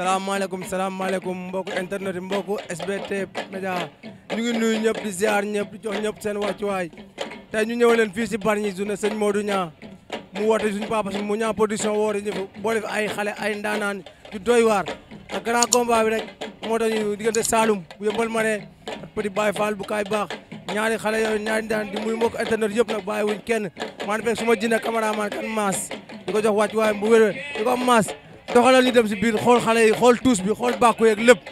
salaamaaleykum salaamaaleykum mbokku internet yi mbokku SBT Média ñu ngi ñëpp di ziar ñëpp di jox ñëpp seen wàccuwaay tey ñu ñëw leen fii si Bargny journée sëñ Modou ñaa mu woote suñu papa si mu ñaa production woori ñu boole fi ay xale ay ndaanaan yu doy waar ak grand combat rek moo tax ñu diggante Saloum bu yëmbal ma ne ak petit Baye Fall baax ñaari xale yooyu ñaari ndaan di muy mbokk internet yëpp nag bàyyi wuñ kenn maa ngi fekk ma jina cameraman kan maas ko jox wàccuwaay bu wér di doxalal ñu dem si biir xool xale yi xool tuus bi xool bàkku yeeg lépp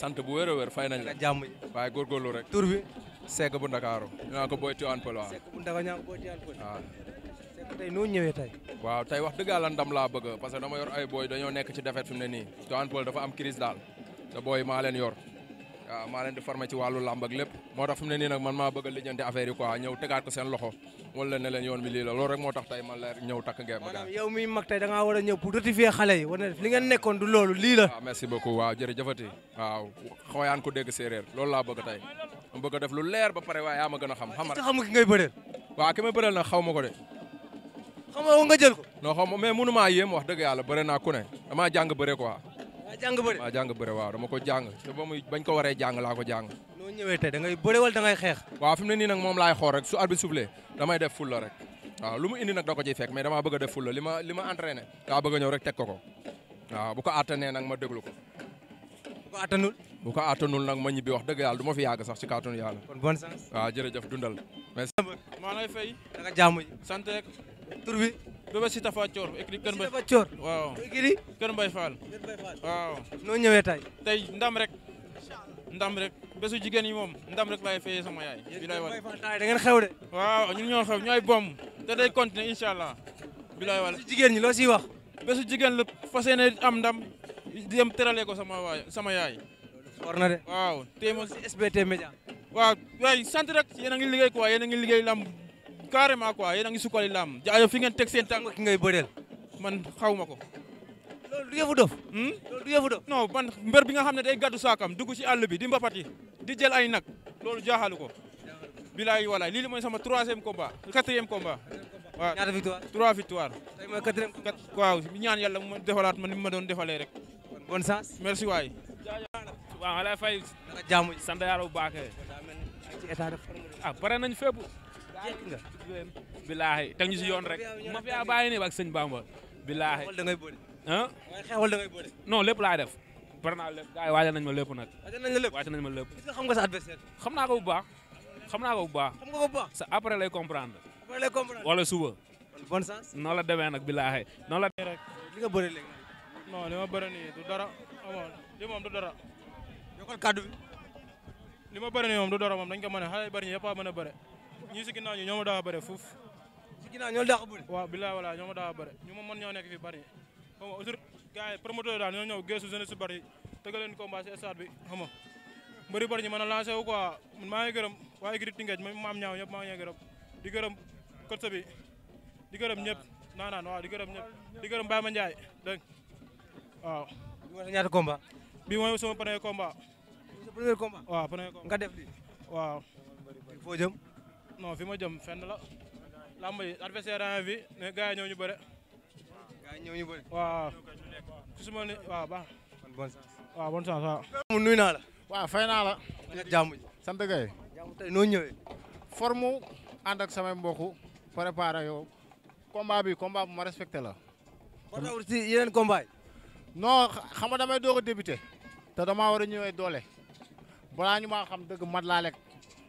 sant bu wér a wér fay nañ jàmm ji waaye góorgóorlu rek tur bi bu Ndakaaru ñu naan ko Boy Tivaouane Peulh waaw Seck bu Ndakaaru ñaan Boy Tivaouane Peulh waaw noo ñëwee tey waaw tey wax dëgg yàlla ndam laa bëgg parce que dama yor ay booy dañoo nekk ci defet fi mu ne nii Tivaouane Peulh dafa am crise daal te booy maa leen yor waaw maa di formé ci wàllu làmb ak lépp moo tax fi mu ne nii nag man maa bëgg a lijjanti affaire yi ñëw tegaat ko seen loxo wala ne leen yoon bi lii la rek moo tax xale ñëw takk ngeen ma maanaam yow miy mag tey da ngaa war a ñëw pour ratifier xale yi wane def li a nekkoon du loolu lii la waaw ah, merci beaucoup waaw jërëjëfati waaw xooyaan ko dégg séeréer loolu laa bëgg tey ma bëgg a def lu leer ba pare waaye yaa ma a xam xam nga ki ngay bëreel waaw ki may bëreel nag xaw ma ko de xam nga nga jël ko non xaw ma mais mënu maa wax dëgg yàlla bëre naa ku ne damaa jàng bëre quoi waaw dama ko jàng te ba muy bañ ko waree jàng laa ko jàng noo ñëwee da ngay bëre wala da ngay xeex waaw fi mu ne nii nag moom laay xool rek waaw lu mu indi nag da ko ciy fekk mais damaa bëgg a def fulla li ma li ma entraîné. daa bëgg a ñëw rek tek ko ko waaw bu ko attanee nag ma déglu ko. bu ko attanul. bu ko attanul nag ma ñibbi wax dëgg yàlla du ma fi yàgg sax ci kàttanu yàlla. kon bonne chance. waaw jërëjëf dundal. ma maa lay fay. naka jàmm ji. sant rek. tur bi. bébé si Tafa Coor. écrit waaw noo ñëwee tey. tey ndam rek. ndam rek bésu jigéen yi moom ndam rek laay fayee sama yaay. bi lay wax da ngeen xew de. waaw ñun te day continuer incha allah. bilaay wala jigéen ñi loo siy wax. bésu jigéen la fas am ndam di dem tëralee ko sama waay sama yaay. war na de waaw tey moom si SBT Média. waaw waay sant rek yéen a ngi liggéey quoi yéen a ngi liggéey lamb carrément quoi yéen a ngi sukkali lamb jaayo fi ngeen teg seen tànk ki ngay bëreel man xaw ma ko. loolu du yëfu hmm? mbër bi nga xam ne day gàddu saakam dugg si àll bi di mbapat yi di jël ay nag loolu jaaxalu ko. bilaay walaay lii mooy sama troisième combat quatrième combat. waaw ñaata victoire trois victoire. tey mooy quatrième combat waaw ñaan yàlla mu defalaat ma ni ma doon defalee rek. bonne chance merci waay. waaw ala fay. dara jaamu sant yàlla bu baax ci état de forme ah nañ fépp. bilaahi teg ñu si yoon rek. ma fi bàyyi ne ak sëñ Bamba. bilaahi xewal da ngay boole. ah xewal da ngay lépp laay def. pare naa lépp gars yi waajal nañ ma lépp nag. waajal nañ ma lépp waajal sa adversaire. xam naa ko bu baax. xam naa ko bu baax. xam nga ko bu baax. sa après lay comprendre. après lay comprendre wala suba. bon sens. noonu la demee nag billaahi noonu la demee rek. li nga bëri léegi. non li ma bëri nii du dara amoon li moom du dara. yokkal kàddu bi. li ma bëri nii moom du dara moom dañ ko mën a xale yu bëri ñi yëpp a mën a bëre. ñii si ginnaaw ñi ñoo ma daa bëre fuuf. si ginnaaw ñoo daa bëre. waaw billaahi wala ñoo ma daa bëre ñu ma mën ñoo nekk fi bëri. xam nga autour gars yi promoteur daal ñoo ñëw geesu jeunesse su bëri tëggal leen combat si stade bi xam nga mbëri bari ñu mën a lancé wu quoi maa ngi gërëm waa écurie Tëngéej ma am ñaaw ñëpp maa ngi gërëm di gërëm coach bi di gërëm ñëpp naan naan di gërëm ñëpp di gërëm Baye Mandiaye dégg waaw. bi mooy sa ñaata combat. bii mooy sama premier combat. sa premier combat waaw premier combat nga def lii. waaw. foo jëm. non fi ma jëm fenn la. lamb yi adversaire waaw fay naa la. jàmm ji sant noo ñëwee. forme ànd ak samay mbokku préparé yow. combat bi combat bu ma respecté la. ba taw ci yeneen combat xam nga damay doog a débuté. te damaa war a ñëwee doole. balaa ñu maa xam dëgg mat laa lekk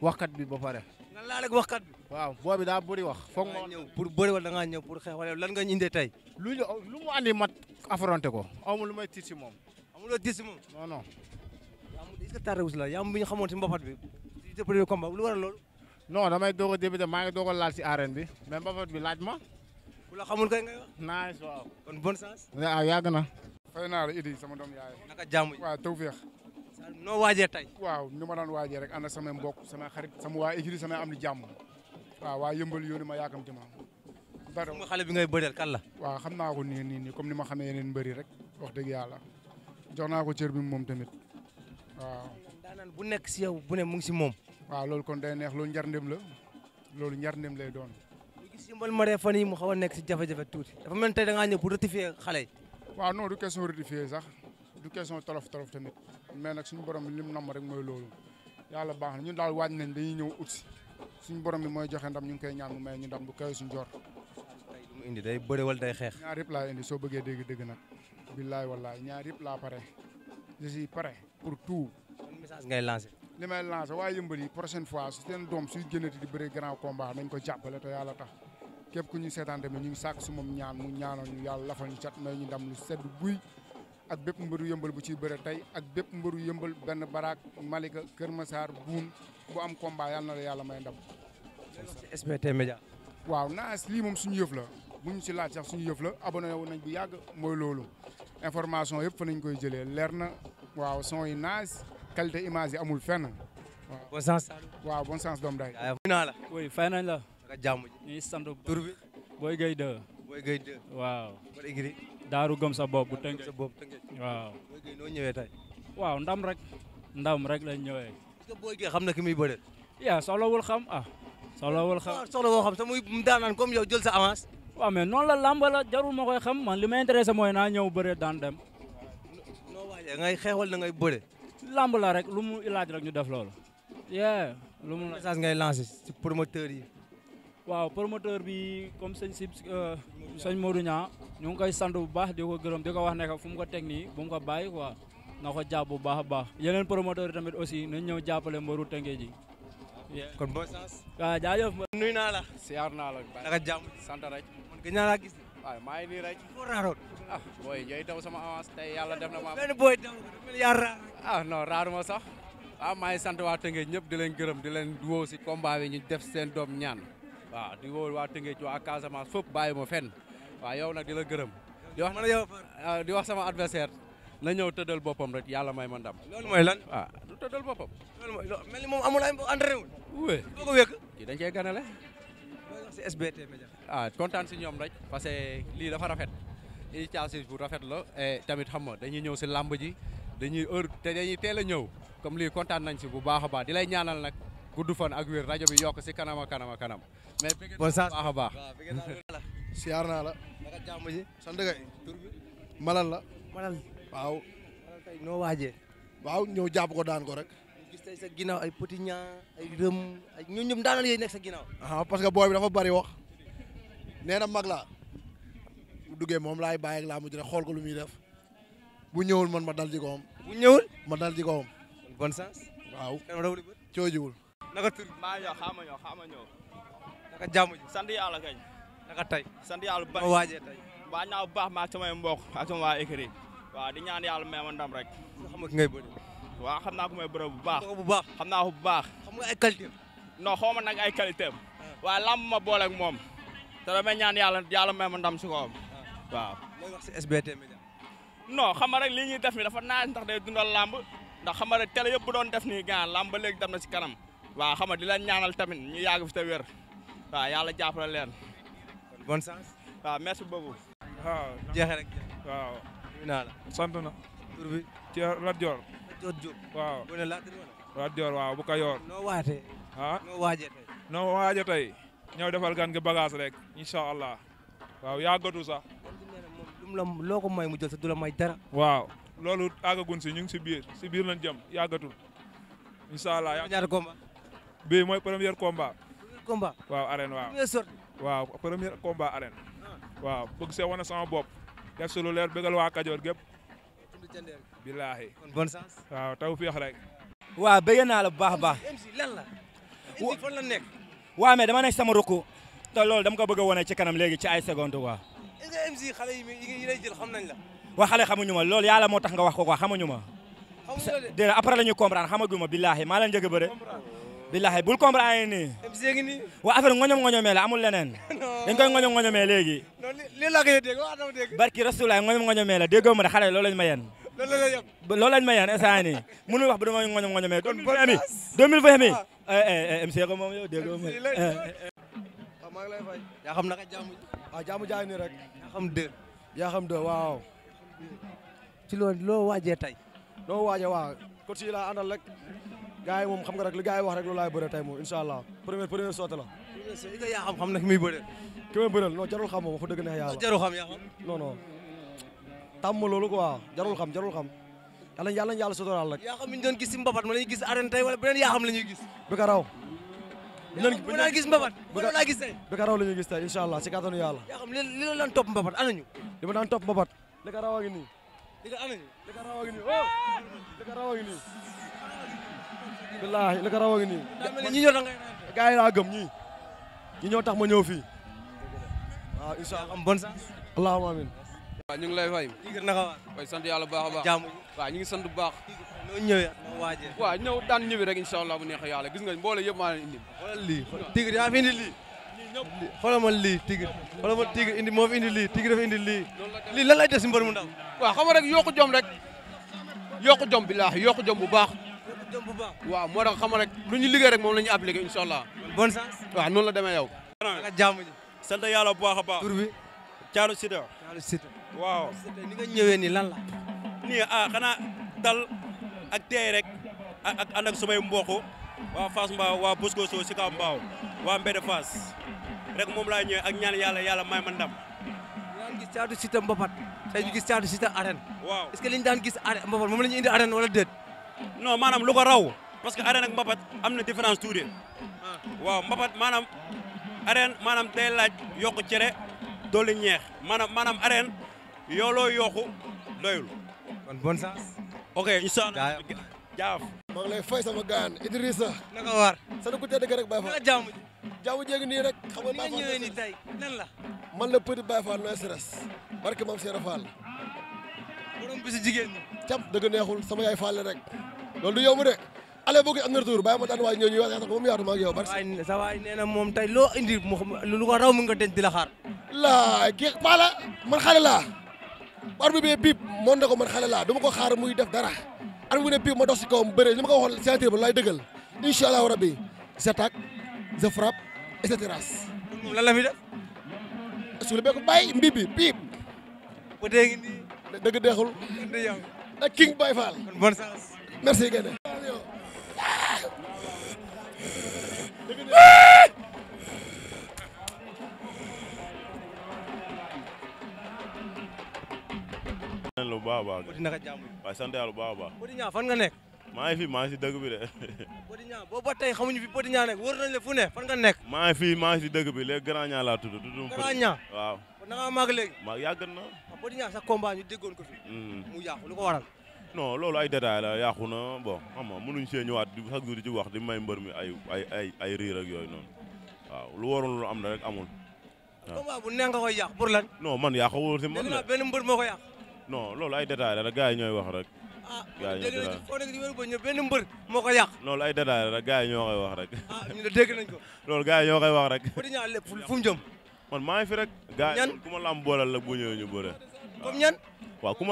waxkat bi ba pare. nan laa lekk waxkat bi. waaw boobi daa bëri wax. foog ma ñëw pour bëri wala da ngaa ñëw pour xeex wala lan nga ñu tey. lu ñu lu mu andi mat affronté ko amul lu may si moom. amuloo tiit si moom non non. que tardé wu si la yaa am bu ñu xamoon si mbapat bi si sa premier combat lu war a loolu. non damay doog a maa ngi doog a laal si arène bi mais mbapat bi laaj ma. la xamul kay ngay wax. nice waaw. kon bonne chance. waaw ah, na. fay naa la Idi sama doom yaay. naka jàmm yi waaw tawféex. noo waajee tey. waaw ni ma daan waajee rek ànd ak samay mbokk sama xarit sama waa écurie sama am di jàmm. waaw waa yëmbal yónni ma yaakamti ma. dara mu xale bi ngay bëreel kan la. waaw naa ko nii nii nii comme ni ma xamee yeneen mbëri rek wax dëgg yàlla jox naa ko cër bi moom tamit waaw daanaan bu nekk si yow bu ne mu ngi si moom. waaw loolu kon day neex loolu njar la loolu njar lay doon. ñu gis Yeumbeul Marin fan yi mu xaw a nekk si jafe-jafe tuuti dafa mel ni da ngaa ñëw pour rectifier xale yi. waaw non du sax du question tolof tolof tamit mais nag suñu borom li mu nam rek mooy loolu yàlla baax na ñun daal waaj nañ dañuy ñëw ut si suñu borom bi mooy joxe ndam ñu ngi koy ñaan mu may ñu ndam bu kawe suñu jor. mu indi day bëre wala day xeex. ñaar yëpp laa indi soo bëggee dégg dégg nag billaay wallaay ñaar yëpp laa pare je suis pare pour tout. ban message ngay lancé. li may waa yëmbal yi prochaine fois su seen doom suy génnati di bëri grand combat nañ ko jàppale te yàlla tax képp ku ñu seetaan tamit ñu ngi sàkk su moom ñaan mu ñaanal ñu yàlla lafal ñu cat may ñu ndam lu sedd buy ak bépp mbëru yëmbal bu ciy bëre tey ak bépp mbëru yëmbal benn baraak Malika Kër Massar buun bu am combat yàlla na la yàlla may ndam. SBT Média. waaw naas lii moom suñu yëf la bu ñu si laaj sax suñu yëf la abonné wu nañ bu yàgg loolu information yëpp fa nañ koy jëlee leer na waaw son yi nice qualité image amul fenn. waaw bon sens. waaw bon doom day. fay naa la. oui fay nañ la. naka jàmm ji. ñu ngi waaw. Daaru Gëm sa bopp bu tënkee. sa bopp tënkee. waaw. ndam rek. ndam rek lañ ñëwee. est-ce que Boy Gueye xam na ki muy xam ah. soxlawul xam soxlawul xam te muy daanaan comme yow jël sa avance. waaw la làmb la jarul koy xam man li ma intéressé mooy naa ñëw bëre daan dem. da ngay xeexal da ngay bëre. lamb la rek lu mu ilaaj rek ñu def lool yeah lu mu. message ngay lancé si promoteur yi. waaw promoteur bi comme sëñ si euh, sëñ Modou Niang ñu ngi koy sant bu baax di ko gërëm di ko wax ne fu mu ko teg nii bu mu ko bàyyi quoi na ko jàpp bu baax a baax yeneen promoteur yi tamit aussi nañ ñëw jàppale mbaru Tëngéej ji. kon bon sens. waaw ma nuyu naa la. siyaar naa la. naka jàmm sant rek. waaw maa ngi nii rek. ah booy ñooy daw sama avance tey yàlla def na ma. ah non raaruma sax. waaw ah, maa ngi sant waa Tëngéej ñëpp di leen gërëm di leen woo si combat bi ñu def seen doom ñaan waaw di woo waa Tëngéej waa Casamance fépp bàyyi ma fenn waaw yow nag di la gërëm. di wax ah, di wax sama adversaire na ñëw tëddal boppam rek yàlla may ma ndam. loolu mooy lan waaw ah, du tëddal boppam. loolu mooy mel ni moom amul ay entraîné wul. si SBT ah, kontaan si ñoom rek parce que lii dafa rafet initiative bu rafet la eh, tamit xam nga dañuy ñëw si làmb ji dañuy heure te teel a ñëw comme lii kontaan nañ si bu baax a baax di lay ñaanal nag gudd fan ak wér rajo bi yokk si kanam a kanam a kanam. mais bëgg baax a baax. siyaar naa la. jàmm ji sant kay. tur malal la. malal waaw. malal tey waaw ñëw jàpp ko daan ko rek. tey sa ginnaaw ay petit ñaa ay rëm ay ñun ñum daanal yooyu nekk sa ginnaaw. ah parce que booy bi dafa bari wax nee na mag laa bu duggee moom laay bàyyi ak laa mujj rek xool ko lu muy def bu ñëwul man ma dal ci kawam. bu ñëwul ma dal ci kawam. bon sens. waaw coojiwul. naka tur maa ñëw xaama ñëw xaama ñëw. naka jàmm ji sant yàlla kañ. naka tey sant yàlla bu baax ma waajee tey. waa ñaaw bu baax ma ak samay mbokk ak sama waa écrit waaw di ñaan yàlla may ma ndam rek. xam nga ki ngay bëri. waaw xam naa ko mooy bërëb bu baax bu baax xam naa ko bu baax. xam nga ay qualité non ma nag ay qualité waa ah. waaw làmb ma boole moom. te damay ñaan yàlla yàlla may ma ndam si kawam. Ah. waaw looy SBT Média. non xam nga rek lii ñuy def ni dafa naaj ndax day dundal làmb ndax xam nga rek télé yëpp bu doon def nii gaan làmb ba léegi dem na si kanam. waa xama nga di leen ñaanal tamit ñu yàgg fi te wér. waaw yàlla jàppale leen. bonne chance. waaw merci beaucoup. waaw ah, jeexee rek. waaw. sant na. Lat Dior waaw bu ne Lat Dior. Lat Dior waaw bu Kajoor. noo waatee. ah noo waajee tey. defal gan gi bagage rek incha allah waaw yàggatu sax. loo ko may mu jël sa may dara. waaw loolu àggagun si ñu ngi si biir si biir lañ jëm yàggatul. incha allah yaa ñaata bii mooy premier combat. premier combat waaw arène waaw. premier sortie ah. sama bopp def si lu waa Kajoor gépp. billaahi kon bonne chance. waaw taw féex rek. waaw bëgg naa la bu baax a baax. MC lan la. la nekk. waaw mais dama nekk sama rukk. te lool dama ko bëgg a ci kanam léegi ci ay seconde quoi. est-ce que MC xale yi yi lay jël xam nañ la. waa xale xamuñu ma loolu moo tax nga wax ko quoi xamuñu ma. dé après la ñuy comprendre xamaguma billaahi maa leen njëkk a bëre. billaahi bul comprendre nii. MC ngi nii. waa la amul leneen. dañ koy ngoñom ngoñomee léegi. non li li la koy dégg wax barki rasulilah ngoñom ngoñomee la déggoo ma de xale loolu lañ ma yeen loolu la yem loolu lañ ma yan instant nii mënul wax ba dama ngoño ngoño mais kon ami 2020 mi MC ko moom yow dégg ma waaw eh, eh, eh. ah, maa ngi lay fay yaa xam naka jaamu waaw ah, jaamu jaay yaa xam dë yaa xam dë loo waajee tey loo waajee waaw coach yi laa àndal rek gars moom xam nga lu li gars yi wax rek loolu laay moom incha allah première la yaa xam na nag muy bëre ki may bëreel non jarul xam moom wax dëgg neex yàlla jarul xam tàmm loolu quoi jarul xam jarul xam yàlla yàlla yàlla sotoraal rek. yaa xam ñu doon gis si mbabat ma la ñuy gis arène tey wala beneen yaa la ñuy gis. bi ka raw. mën naa gis mbabat mën naa gis tey. bi ka raw gis tey incha allah si kàttanu yàlla. yaa xam li la daan topp mbabat anañu. li ma daan topp mbabat. li a ngi nii. li ka anañu ka raw a ngi nii oh li a ngi nii. billaahi li ka raw a ngi ñoo tax nga ñoo tax ma ñëw fii. amin waa ñu ngi lay fay. waaw sant yàlla bu baax a baax. waaw ñu ngi sant bu baax. waaw ñëw daan ñëwi rek incha allah bu neexee yàlla gis nga mboole yëpp maa leen indi. xoolal lii tigre ma lii tigre xoolal ma tigre indi moo indi lii tigre dafa indi lii. lii lan lay des si mbër mu ndaw. waaw xam nga rek yokku jom jom billaahi yokku jom bu baax. waaw moo tax xam nga rek lu ñu liggéey rek moom la ñu appliqué incha allah. bon sens. waaw noonu la demee yow. sant yàlla bu baax baax. tur bi Thiatou Sida. Thiatou waaw ni nga ñëwee nii lan la. nii ah xanaa dal ak teey rek ak ànd ak sumay mbokk waa Fass Mbao waa Bosco Sow Sika Mbao waa Mbede Fass rek moom laa ñëwee ak ñaan yàlla yàlla may man ndam. daan gis caatu Siteu mbapat tey ñu gis caatu Siteu arène. waaw est-ce que daan gis arène mbapat moom la ñu indi arène wala déet. non maanaam lu ko raw parce que arène ak mbapat am na différence tuuti. Ah. waaw mbapat maanaam arène maanaam day laaj yokk cere doole ñeex maanaam maanaam arène. yow loo yokku doyul. kon bon sens. ok incha allah jaaf. maa ngi lay fay sama gaan Idrissa. naka war. sa dugg tedd rek Baye Fall. la jaamu ji. nii rek. xam nga Baye Fall ni nga ñëwee nii tey lan la. man la petit Baye Fall no stress. barke maam Cheikh Fall. jigéen ñi. cam neexul sama yaay Fall rek. loolu du yomb de. ale boo ko am na retour bàyyi ma daan waay ñëw ñu wax sax moom yaatu ma ak yow. parce sa waay nee na moom tey loo indi mu raw mu nga denc di la xaar. laa kii maa la man arme bi biib moon na ko man xale laa du ma ko xaar muy def dara arme bi ne biib ma dox si kawam bëre li ma ko waxoon signature ba laay dëggal incha allahu rabbi j'attaque je frappe et cetera. moom lan la fi def. su bi biib. ba dëgg deexul. ak King Baye Fall. merci Guèye. nañ la bu a baax. Petit naka jàmm waaye sant yàlla bu baax a baax. Petit Niang fan nga nekk. maa ngi ne fan nga nekk. maa ngi fi maa ngi laa tudd. Grand Niang waaw. kon na ngaa màgg léegi. na. waaw Petit Niang sa combat ñu déggoon ko fi. Mm. mu yàqu lu ko waral. non loolu ay détails la yàqu na bon xam nga mënuñ see ñëwaat di chaque jour di ci wax di may mbër mi ay ay ay ay riir ak yooyu noonu waaw lu waroon lu am na rek amul. waaw man yàqu wóor benn mbër moo ko yàq non loolu ay détails la gars yi ñooy wax rek. Ah, gars yi ñooy wax foo nekk di wér ba ñëw benn loolu ay détails la gars yi ñoo koy wax rek. ah ñu ne dégg nañ ko. loolu gars yi ñoo koy wax rek. bu di man maa fi rek. gars ku ma lam boolal la bu ñëwee ñu bëre. comme ñan.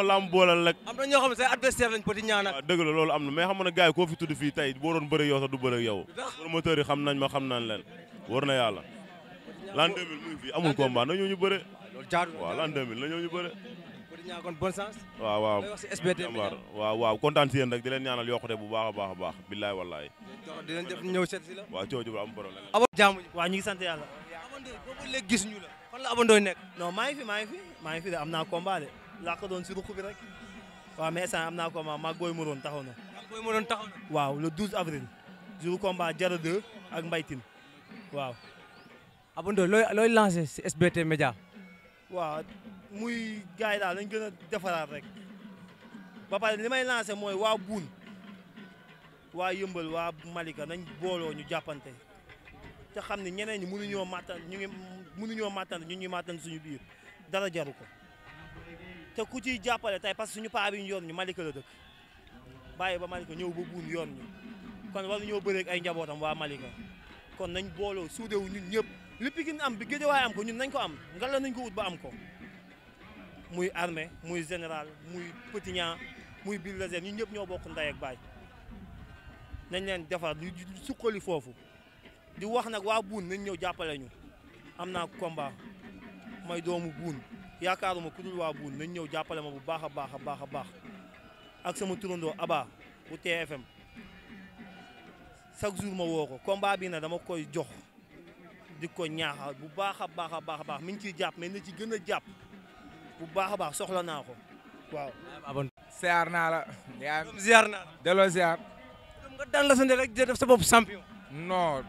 na ñoo xam ne say adversaire lañ Petit Niang nag. na mais xam nga ne gars yi koo fi tudd fii tey boo doon yi xam nañ ma xam nañ leen. war na yàlla. l'an 2000 mu ngi fii amul combat na ñëw ñu bëre. waaw l'an ñaa kon waaw waaw lay wax si waaw waaw kontaan si ñaanal yokkute bu baax a baax a baax. billaay wallaay. dinañ def ñëw seet si la. waaw coow ji waaw ñu ngi sant gis ñu la. fan la abondooy nekk. non maa fi maa fi maa ngi fi de am naa combat de. laa ko doon si ruq rek. waaw mais instant am naa combat maa Boy Maroon taxaw na. maa Boy Maroon taxaw na. waaw le 12 avril. jour combat Jara 2 ak Mbaytin waaw. abondooy looy looy lancé si SBT Média. waaw muy gars yi daal nañ gën a defaraat rek ba pare li may lancé mooy waa buun waa yëmbal waa Malika nañ booloo ñu jàppante te xam ne ñeneen ñi mënuñoo màttan ñu ngi mënuñoo màttan ñu ngi màttan suñu biir dara jaru ko te ku ciy jàppale tey parce que suñu paa ñu yoon ñu Malika la dëkk bàyyi ba Malika ñëw ba buun yoon ñu kon war ñoo bëreeg ay njabootam waa Malika kon nañ booloo suudewu ñun ñëpp li Pikine am bi Guédiawaye am ko ñun nañ ko am ngala nañ ko ut ba am ko muy armée muy général muy petit muy biir réserve ñun ñëpp ñoo bokk ndey ak baay nañ leen defar lu foofu di wax nag waa buun nañ ñëw jàppale am naa combat may doomu buun yaakaaruma ku dul waa buun nañ ñëw jàppale ma bu baax a baax a baax a baax ak sama turandoo Aba bu TFM chaque jour ma woo ko combat bi na dama koy jox di ko ñaaxal bu baax a baax a baax a baax mi ngi ciy jàpp na ci gën a jàpp bu baax a baax soxla naa ko waaw. ziar naa la. yaa ngi ziar naa la. delloo ziar. nga daan la sant rek di def sa bopp champion. non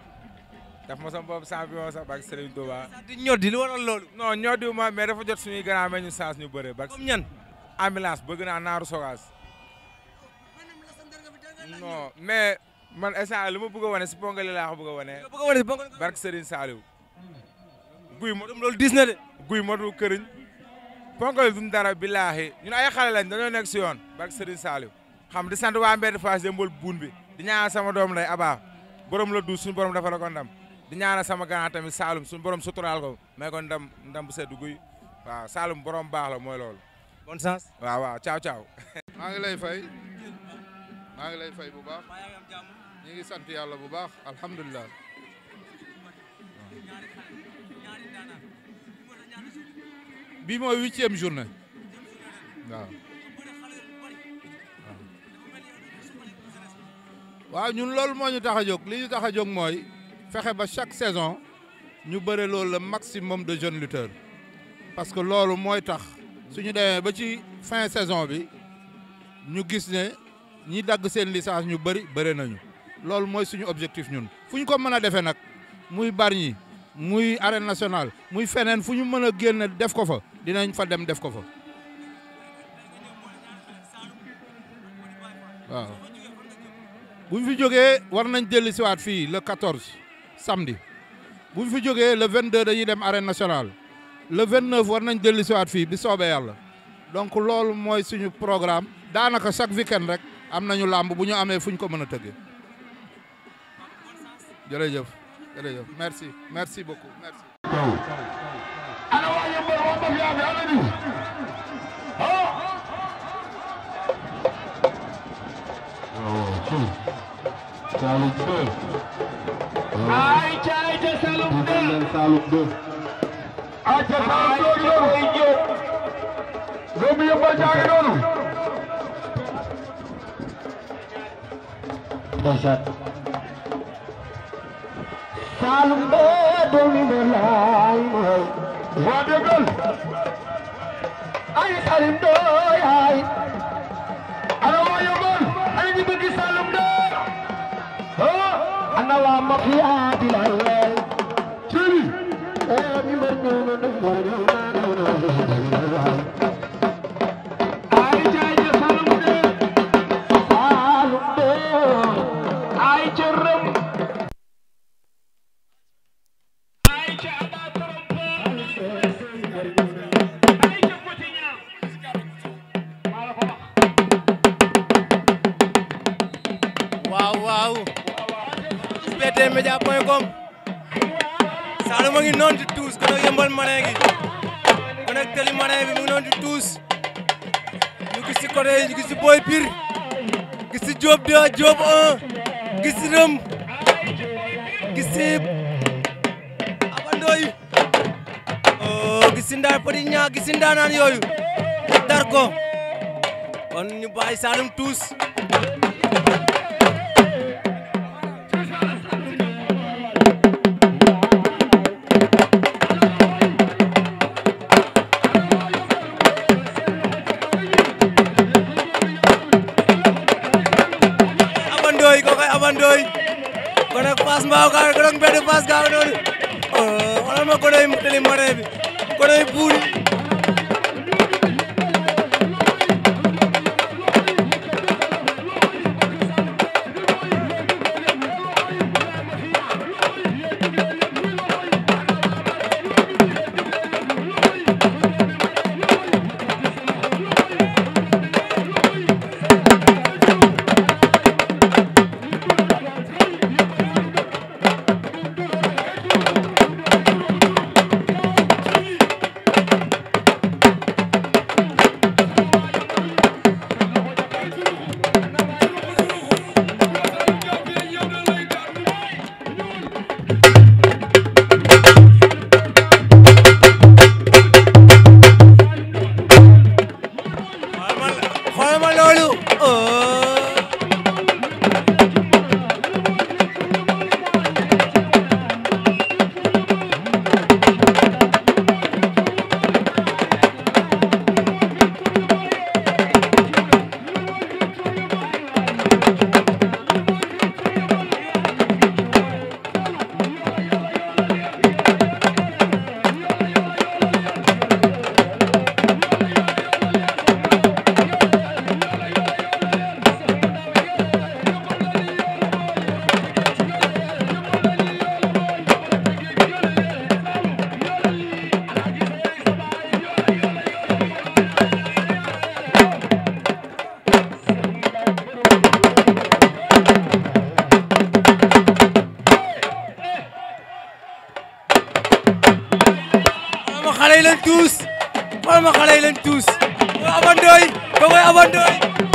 daf ma sa bopp champion sax barke Serigne Touba. di ñoddi lu waral loolu. non ñoddi ma mais dafa jot suñuy grand mais ñu chance ñu bëre. comme ñan. ambulance bëgg naa naaru sogaas. non mais man instant lu ma bëgg a wane si pongali laa ko bëgg a wane. bëgg a wane si pongali. barke Serigne Saliou. guy ma loolu dis na de. guy ma du këriñ. ponkal duñ dara billaahi ñun ay xale lañ dañoo nekk si yoon barke Serigne Saliou xam di sant waa Mbedd Fass yëmbal buun bi di ñaanal sama doom lay abaa borom la du suñu borom dafa la di ñaana sama grand tamit Saloum suñu borom suturaal ko may ko ndam ndam bu sedd guy waaw Saloum borom baax la mooy lool bonne chance waa waaw ciao maa ngi lay fay maa ngi lay fay bu baax ñu ngi sant yàlla bu baax alhamdulilah. bii mooy huitième journée waaw waaw ñun loolu moo ñu tax a jóg li ñu tax a jóg mooy fexe ba chaque saison ñu bëre loolu le maximum de jeunes lutteurs parce que loolu mooy tax suñu demee ba ci fin saison bi ñu gis ne ñi dagg seen licence ñu bëri bëre nañu loolu mooy suñu objectif ñun fu ñu ko mën a defee nag muy Bargny muy arène nationale muy feneen fu ñu mën a génn def ko fa dinañ fa dem def ko fa waaw bu ñu fi jógee war nañ dellu siwaat fii le 14 samdi bu ñu fi jógee le 22 dañuy dem arène nationale le 29 war nañ dellu siwaat fii bi soobee yàlla donc loolu mooy suñu programme daanaka chaque weekend rek am nañu làmb bu ñu amee fu ñu ko mën a tëggee jërëjëf jërëjëf merci merci beaucoup merci. ana waa Yëmbal waa Mbakke yaa fi ana ñu ah. Saloum 2. ayca ayca Saloum 2. ñu ngi Saloum 2. ayca Saloum 2 ñu ngi doon. doomu Yëmbal jaa ngi noonu. saalum bee doomi ma laay mooy waa déggal ay salim dooy ay ana waa yobal ay ñi bëgg saalum dooy hoo ana waa ma fi aadi la lay cili ee mi mër ñëw na dëgg mooy ñëw na ñëw na Ngom Saloum a ngi noonu tuus kon ak yëmbal manee ngi noonu tuus ñu gis si côté ñu gis si Boy Pire gis si Diop 2 Diop 1 gis si Rëm gis si abandooyu oh, gis si ndaa padi ñaa gis yooyu dar ko kon ñu bàyyi Saloum tuus sama xale yi lañ tuus mooy Ama Ndoye ba mooy Ama Ndoye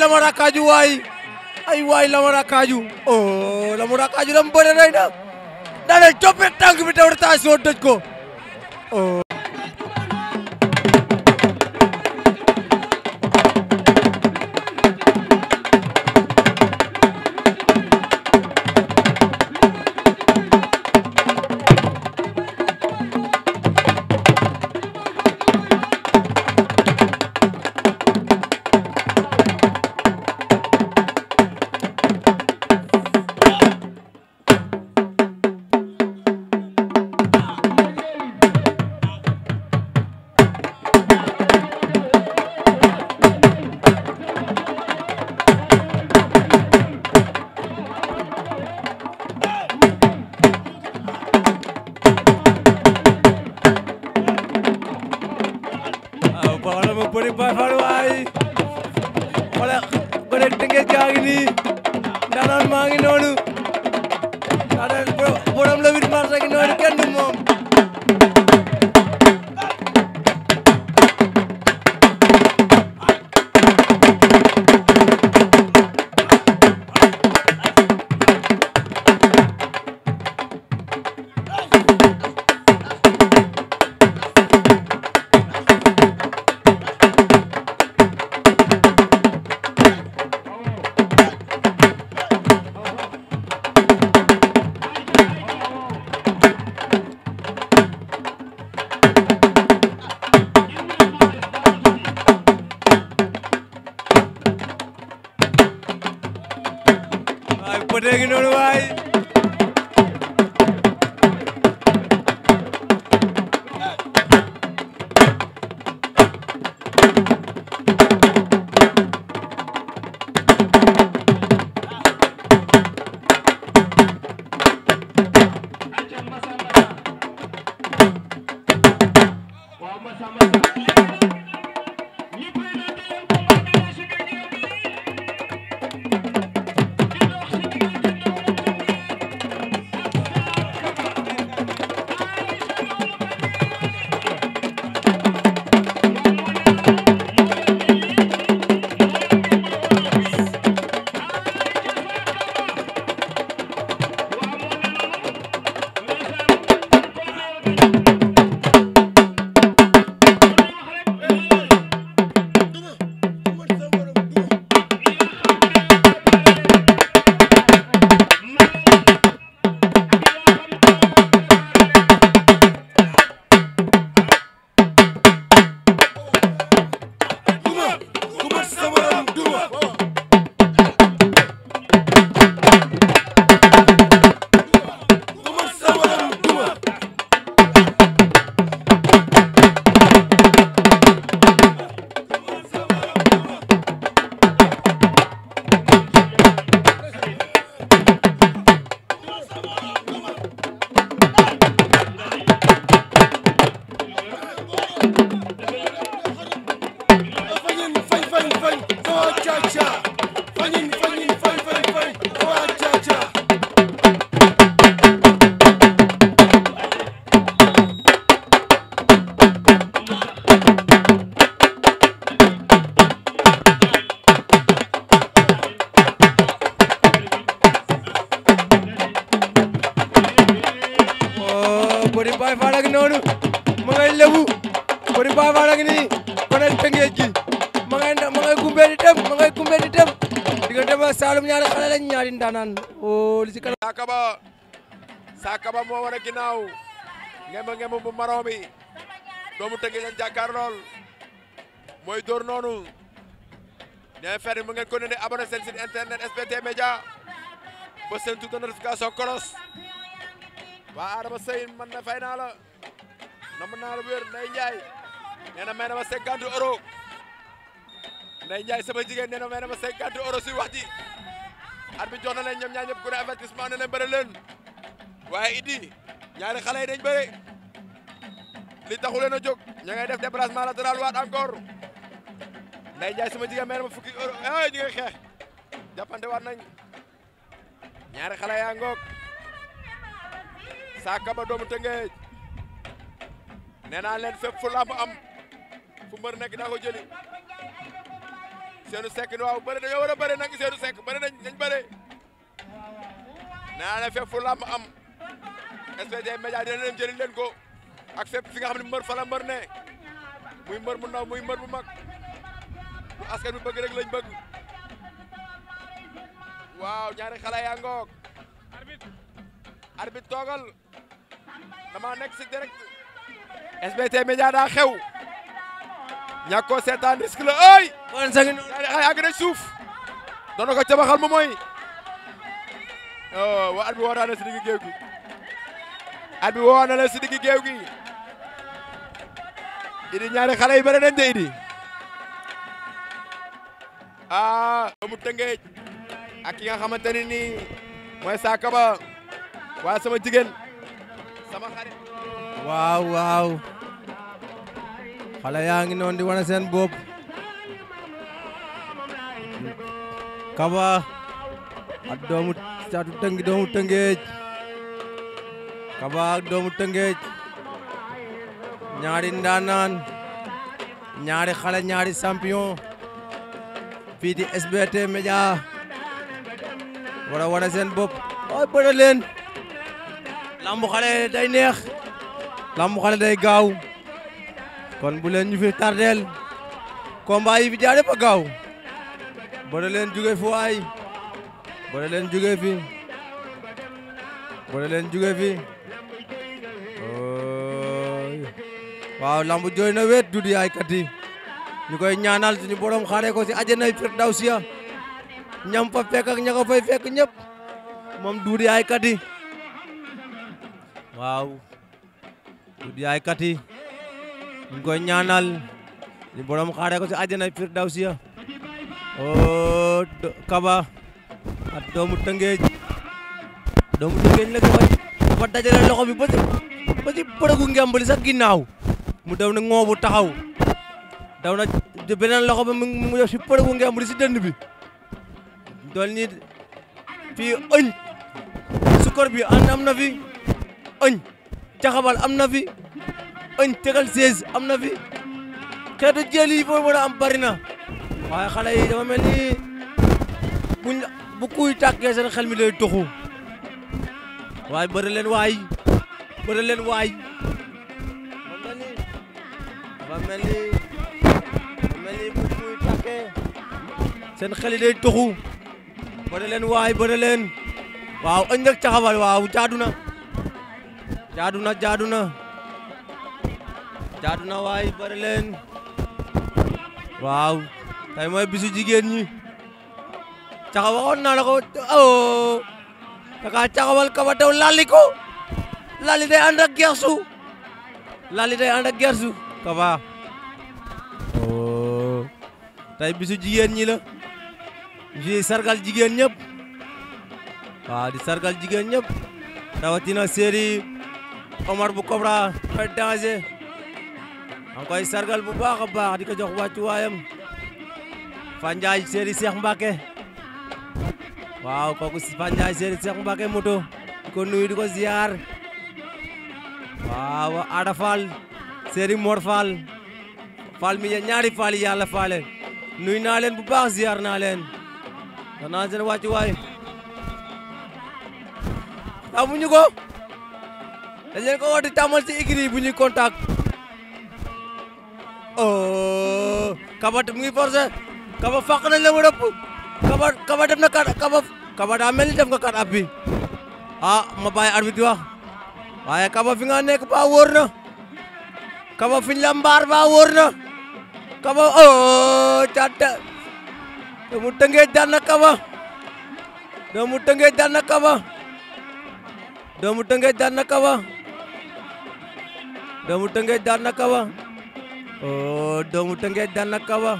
Lamara Kaaju waay ay waay Lamara Kaaju oh Lamara Kaaju lam bëre rey na daa ne coppe tànk bi dawar taasoo dëj ko ginnaaw ngemb ngemb bu maron bi doomu tëgg leen jàkkaar lool mooy dóor noonu nee fer mu ngeen ko ne ne abonné seen internet SBT Média ba seen tuuti notification kolos waa Adama Seye man na fay na mën naa la wér Ndeye Ndiaye nee ma cinquante euros Ndeye Ndiaye sama jigéen nee na ma cinquante euros si wax ji bi jox leen ñoom ñaar ku ne avertissement leen bëri leen waaye Idi ñaari xale yi bëre li taxu leen a jóg ña ngay def déplacement latéral waat encore nday jaay sama jigéen mel ma fukki euro ay ñu ngi xeex jàppante waat nañ ñaari xale yaa saaka ba doomu tëngeej nee naa leen fépp fu lamb am fu mbër nekk daa ko jëli seenu sekk waaw bëri dañoo war a bëri nag seenu sekk bëri nañ nañ bëri nee naa leen fépp fu lamb am SBT Média dina dem jëli leen ko ak fépp fi nga xam ne mbër fa la ne muy mbër mu naw muy mbër bu mag bu askan bi bëgg waaw ñaari xale yaa ngoog arbitre toogal dama nekk si direct SBT Média daa xew ñàkk koo seetaan risque ay ñaari xale yaa ngi ne suuf doon na ko cabaxal mu at bi woo na la si diggi géew gi idi ñaari xale yi bëri nañ de idi ah, doomu tëngeej ak ki nga xamante ne nii mooy saaka ba waa sama jigéen sama waaw waaw xale yaa ngi noon di wane seen bopp kaba ak doomu caatu tëngi doomu tëngeej Kaba ak doomu Tëngéej ñaari ndaanaan ñaari xale ñaari champion fii di SBT Média war a sen seen bopp ay bëre leen lambu day neex lambu day gaaw kon bu leen ñu fi tardeel combat yi jaare fa gaaw bëre leen jóge fi waay bëre leen jóge fi waaw lamb jooy na weet du yaay kat yi ñu koy ñaanal suñu borom xaaree ko si àjjanay firdawsiya ñam fa fekk ak ña ko fay fekk ñëpp moom duudi yaay kat yi duudi yaay kat yi koy ñaanal suñu borom xaaree ko si àjjanay firdawsiya oo oh, kaba ak doomu tëngeej doomu tëngeej la kaba ba ci ba ci bërëgu ngembali sax ginnaaw mu daw na ŋoobu taxaw daw na beneen loxo ba mu mu def si përëgu ngeem bu di si dënd bi dool ñi fii ëñ sukor bi am na fi ëñ am na fi ëñ tegal seize am na fi xeetu jël yi foofu mën am bari na waaye xale yi dama mel ni buñ bu kuy tàkkee seen xel mi lay toxu waaye bëri leen waay bëri dafa mel ni dafa mel ni bu muy tàkkee leen waay bëri leen waaw ëñ nag caxabal waaw jaadu na jaadu na jaadu na jaadu na waay bëri leen waaw bisu jigéen ñi caxa kawa naa la ko oh daga caxawal kaba tew lali ko lali day gersu lali day ànd gersu Kaba oh tey bisu jigéen ñi la ji sargal jigéen ñëpp waaw di sargal jigéen ñëpp rawatina seeri Omar bu Kobra Fête danger an koy sargal bu baax a baax di ko jox wàccu waayam fanjaay seeri Cheikh Mbacke waaw kooku fanjaay séeri Cheikh Mbacke moto di ko nuyu di ko ziar waaw Ada Serigne Mor Fall Fall mi ñaari Fall yi yàlla faale nuy naa leen bu baax ziar naa leen ndax naa seen wàccu waay tàmmuñu ko dañ leen ko war di tàmmal ci bu ñuy contact oh Kaba mu ngi forcé Kaba fàq nañ la mu rëpp Kaba Kaba na kat Kaba Kaba daa mel ni def nga kat ab bi ah, ma bàyyi arbitre bi wax Kaba fi nga nekk ba wóor na. kaba fiñ la mbaar ba wóor na kaba oo oh, caata doomu tëngee daan na kaba doomu tëngee daan na kaba doomu tëngee daan na kaba doomu tëngee daan na kaba oo oh, doomu tëngee daan na kaba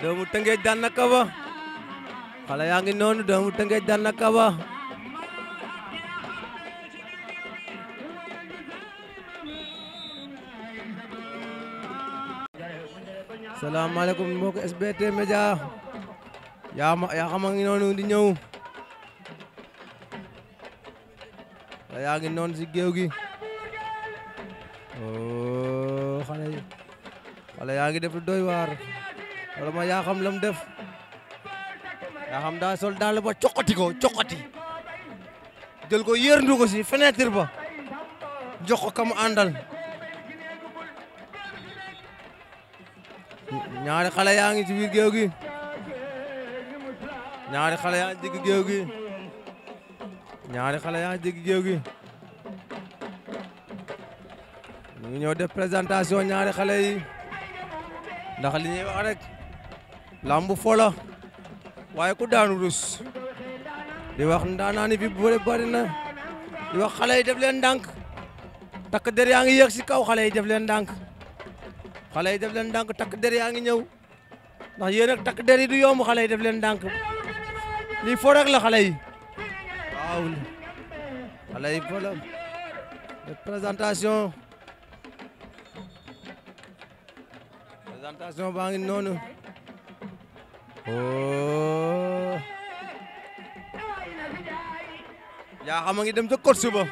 doomu tëngee daan na kaba xale yaa ngi noonu doomu tëngee daan na kaba salaamaaleykum mbokk SBT Média yaa ma ngi noonu di ñëw yaa ngi noonu si géew gi oo oh, xale yaa ngi def lu doy waar wala ma yaa lam def yaa daa sol daal ba coqati ko coqati jël ko yërndu ko si fenêtre ba jox ko kamu ñaari xale yaa ngi ci biir géew gi ñaari xale yaa ngi digg géew gi ñaari xale yaa ngi digg géew gi ngi ñëw de présentation ñaari xale yi ndax li ñuy wax rek waaye ku daanu rus di wax ndaanaa ni fi bëri bëri na di wax xale yi def leen ndànk takk der yaa ngi yéeg si kaw xale yi def leen ndànk xale yi def leen ndànk takk der yaa ngi ñëw ndax yéen ak takk der yi du yomb xale yi def leen ndànk lii fo rek la xale yi waaw xale yi fo baa ngi noonu oh yaa xam a ngi dem ca kot suba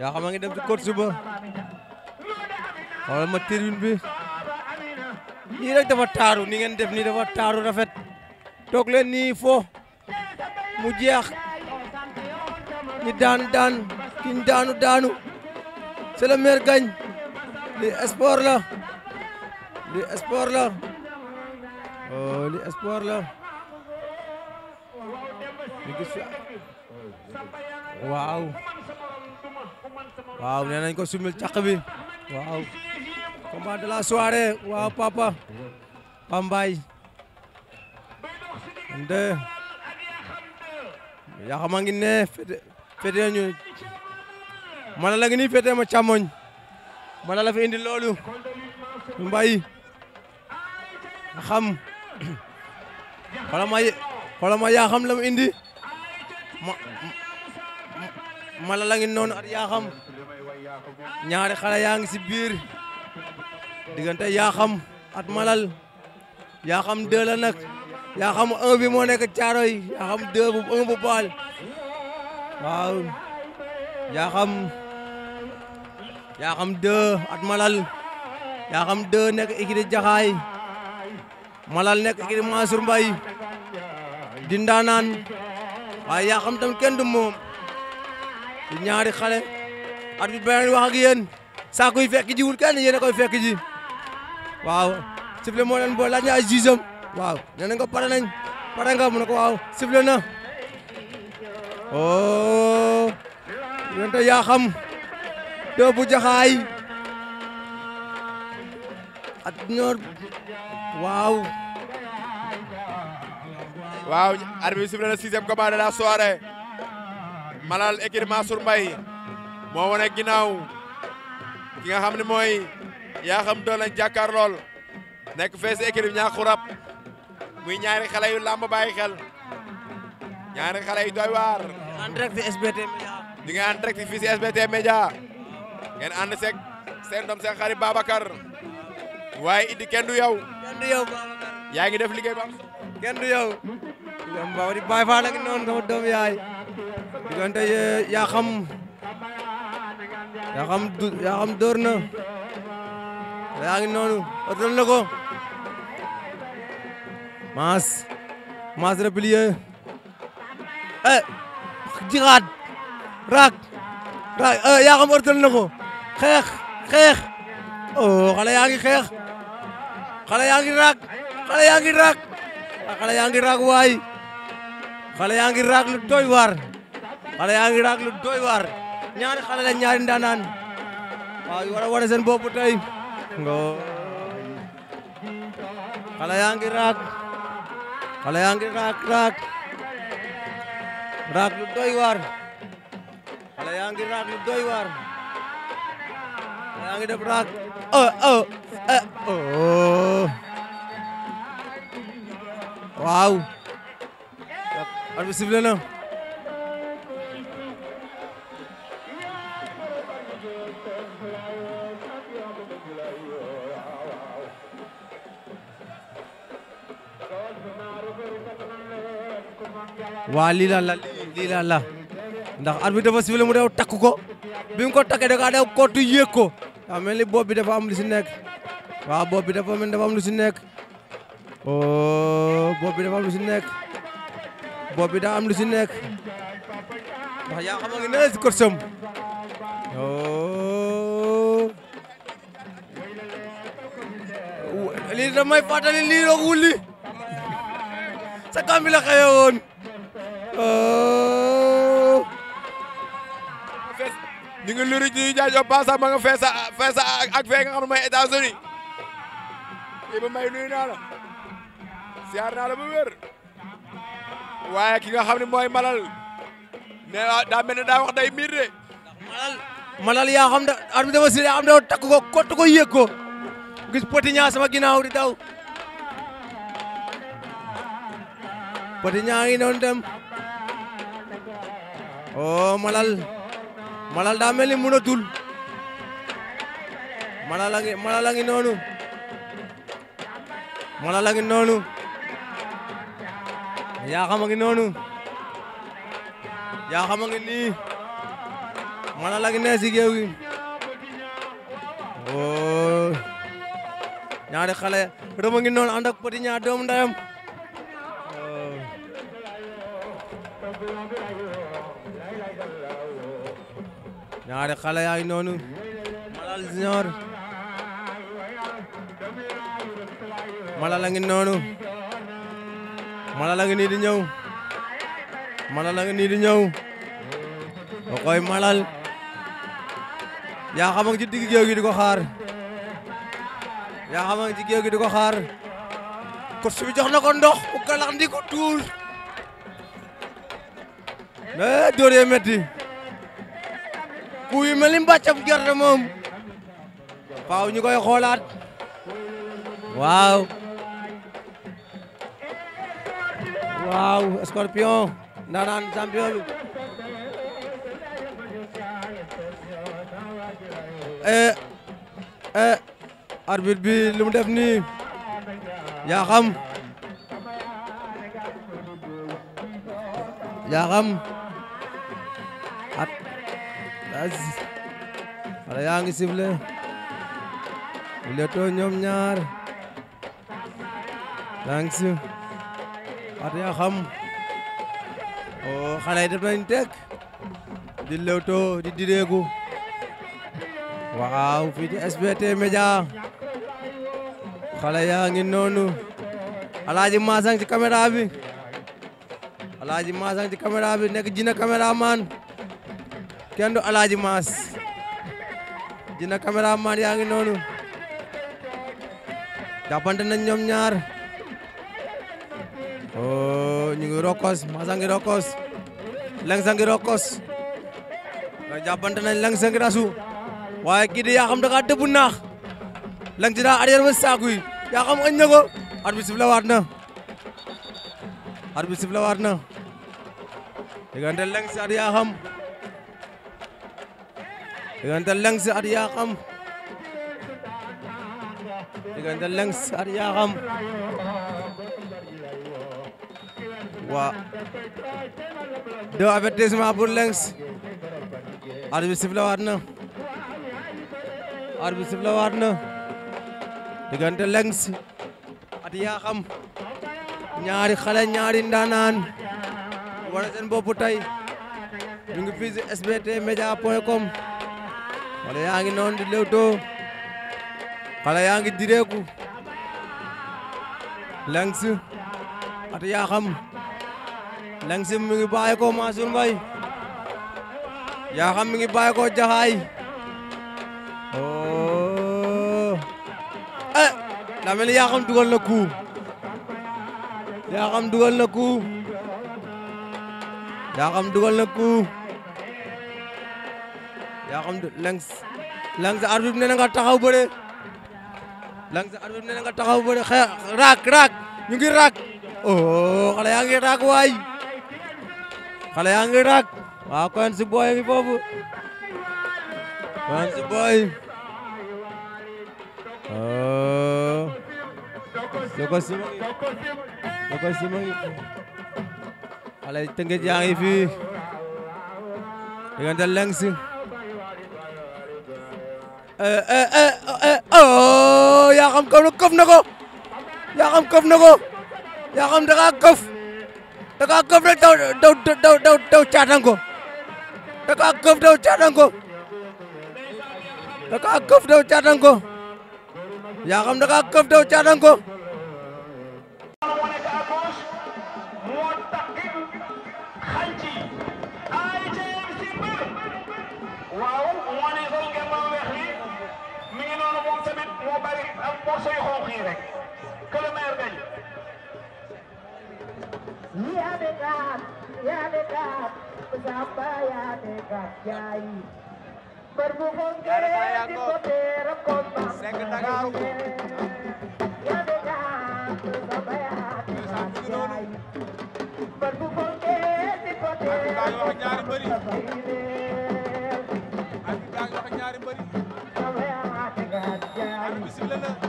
yaa xam a ngi dem ca kot suba xoolal ma tribune bi nii dafa taaru ni ngeen def nii dafa taaru rafet toog leen nii fo mu jeex ñi daanu daanu kiñ daanu daanu c'est le maire li sport la li sport la oh, li sport la ñu gis waaw waaw nee nañ ko sumil caq bi waaw ma de la soirée waaw papa Pambaay nde yaxama ngi fete ñu mana la ngi fete ma càmmoñ mana la indi loolu mbay xam ma xoolal ma yaa xam la indi ma mala la ngi noonu at yaa ñaari xale yaa ngi si biir diggante yaa xam at malal yaa xam la nag yaa xam bi moo nekk caaro yi yaa xam deux bu un bu baal waaw yaa xam at malal yaa xam nekk écurie jaxaay malal nekk écurie Mansour Mbaye di ndaanaan waaye yaa xam tam kenn du moom di ñaari xale at bi beneen wax ak yéen saa kuy fekk wul kenn yéen a koy fekk waaw sifle moo leen boo laaj na ay juge am waaw nee nañ ko pare mu ne ko waaw sifle na oh yonte yaa xam doo bu jaxaay at ñoor waaw waaw arbitre sifle na sixième la soirée malal équipe Mansour Mbaye moo wone ginnaaw ki nga xam ne mooy yaa xam doon nekk fee si écurie ñaa xurab muy ñaari xale yu làmb xel ñaari xale yu doy waar. en direct si SBT Média. di nga en seen doom seen xarit Babacar waaye Idy kenn du yow. kenn yaa ngi def liggéey ba kenn du yow. yow Mbawu di faa nag noonu sama doom yaay. diggante yaa xam yaa xam yaa xam dóor yaa ngi noonu oto na ko maas maas replier eh jixaat raak raak yaa na ko xeex xeex oh xale yaa ngi xeex xale yaa ngi raak xale yaa ngi raak xale yaa ngi yaa ngi raak lu doy waar xale yaa ngi raak lu doy waar ñaari xale la ñaari ndaanaan waaw war a wane seen tey ngoo xale yaa ngi raak xale yaa ngi raak raak raak lu doy waar xale yaa ngi raak lu doy waar xale yaa ngi def raak oh oh eh oh waaw ar bi sifle waa lii la la lii dafa sifflé mu dew takk ko bi ko takkee da ko daa ni bopp bi dafa am lu si nekk waaw bopp bi dafa am lu si nekk oh bi dafa am lu si nekk bopp bi daa am lu si nekk ndax yaa xam nga ne kot sëm oh lii damay fàttali lii wulli sa kam bi ñu ngi luru ji jaajëf Passa ma nga feesa feesa ak fee nga xam ne mooy États-Unis kii may nuyu naa la siyaar naa la ba wér waaye ki nga xam ne mooy Malal ne daa mel ne daa wax day miir de. Malal Malal yaa xam da am dama si yaa xam da takk ko kott ko yéeg ko gis Potignan sama ginnaaw di daw Potignan ngi noonu dem. oh Malal Malal daa mel ni mënatul Malal a ngi Malal Malal a ngi noonu Yakham a ngi noonu Yakham a ngi nii Malal a ngi nee si géew oh. ñaari xale rëma ngi noonu ànd ak ñaar doomu ndeyam oh. ñaari xale yaa ngi noonu Malal Junior Malal a ngi noonu Malal a ngi nii di ñëw Malal a ngi nii di Malal yaa xam nga ci digg géew gi di ko xaar yaa xam nga ci géew gi di ko xaar course bi jox na ko ndox bu kalax ndi ko tuur eh, mais ku yi mel ni mbàccam gerte moom faaw ñu koy xoolaat waaw waaw scorpion ndaanaan champion bi eh eh arbitre bi lu mu def nii yaa xam wala yaa ngi sifflé bu leetoo ñoom ñaar yaa si at yaa xam o xale yi def nañ teg di leetoo di direegu waaw fii ci SBT Média yaa ngi noonu alaaji maasang ci caméra bi maasang ci caméra bi jina caméraman kenn du alaaji maas dina caméraman yaa ngi noonu jàppante nañ ñoom ñaar oh ñu ngi rokos maas ngi rokos leng ngi rokos nga jàppante nañ leng sa ngi rasu waaye kii di yaa dëbb naax leng daa arrière ba saaku yi yaa xam añ na ko arbitre sifle waat na arbitre sifle waat na diggante leng sa ak yaa diggante Lengs ak Yakham Lengs ak Yakham waa deux avertissement pour Lengs arbitre bi sifflé waat na arbitre Lengs ak Yakham ñaari xale ñaari ndaanaan wala seen bopp tey ñu ngi fii si sbt media point xale yaa ngi noonu di lewtoo xale yaa ngi direeku Lengs at yaa xam mi ngi bàyyi ko Mansour Mbaye yaa mi ngi bàyyi ko Jaxaay oh eh daa mel ni yaa xam dugal na ku yaa dugal na ku yaa dugal na ku yaa xam ne Lengs Lengs arbitre bi nga taxaw bëre Lengs arbitre bi nga taxaw bëre xeex raak raak ñu ngi raak oh xale yaa ngi raak waay xale yaa ngi raak waaw kon si ngi foofu kon si booy oh. soko sima ngi soko sima ngi xale tëngeej yaa ngi fii diggante Lengs Eh, eh, eh, oh yaa xam kof na kof na ko yaa xam kof na ko yaa xam da kaa kof da kaa kof rek daw daw daw daw daw caatan ko da kaa kof daw caatan ko da kaa kof daw caatan ko yaa xam da kaa kof daw caatan ko morceau yu xonq yi rek que le meilleur gagne. yaa de gaat yaa de gaat Samba yaa de gaat jaayi. mbër bu xonqee di ko teeram ko mbaa mu yaa de gaat Samba yaa de gaat jaayi. mbër bu xonqee di ko teeram ko mbaa mu yaa de gaat jaayi.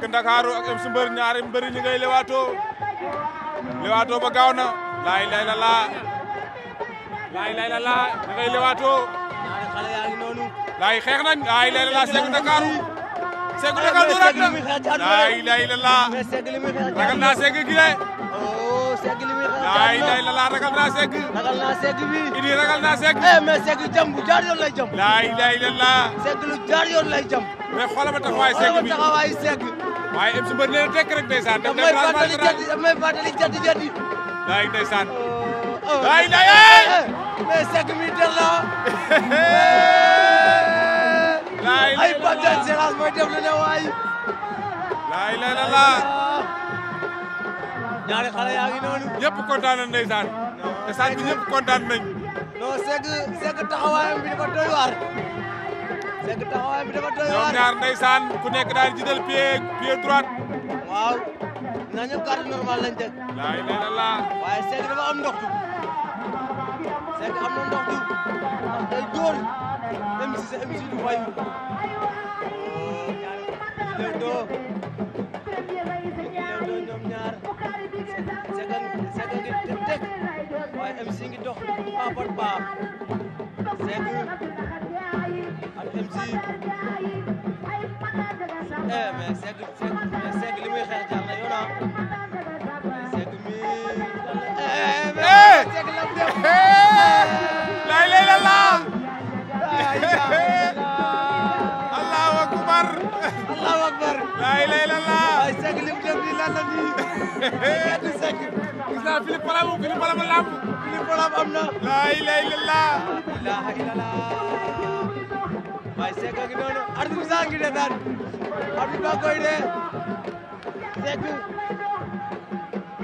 fekk Ndakaaru ak MC Mbeur ñaari mbër ñi ngay lewaatoo lewaatoo ba gaaw na laay lay la laa laay lay la laa ñi ngay lewaatoo laay xeex nañ laay Ndakaaru Seeku Ndakaaru raak na laay lay la laa ragal naa Seeg gi de oh, segg li muy xalaat laay laay ragal naa segg. ragal naa segg bi. idi ragal naa segg. eh mais segg jam bu lay jam. laay laay segg lu jaar lay jam. mais xoolal ma taxawaayu segg bi xoolal ma taxawaayu segg. waaye MC nee na tekk rek ndeysaan. daf may fàttali jati daf may fàttali jati jati. laay ndeysaan. Oh, oh. laay laay. la. laay ay Pape Diagne Seras mooy def lu ne waay. laay lay la laa. Ah. ñaari xale yaa ngi noonu. ñëpp kontaan nañ ndeysaan. ndeysaan bi ñëpp kontaan nañ. non c'est que c'est que taxawaayam bi dafa doy waar. ñoom ñaar ndeysaan ku nekk daal di jiital pied pied droite. waaw nañu carte normale lañ teg. waaye Seck dafa am ndox tuuti am na day dóor MC sa MC du fayu. Oh, Leewtoo ñoom ñaar Seck Seck ngi teg waaye MC ngi dox pas par pas Seck. aussi eh mais Seck Seck li muy xeex jàll na yoon ah Seck mi eh mais eh! Seck eh! la dem lay lay la la Allahu akbar Allahu akbar lay lay la la ay Seck li mu dem di lan la nii di Seck gis naa Philippe Palam Philippe Palam lamb Philippe Palam am na lay lay la la ilaha illallah waaye Seck a ngi noonu arbitre saa ngi ne daan arbitre baa koy dee Seck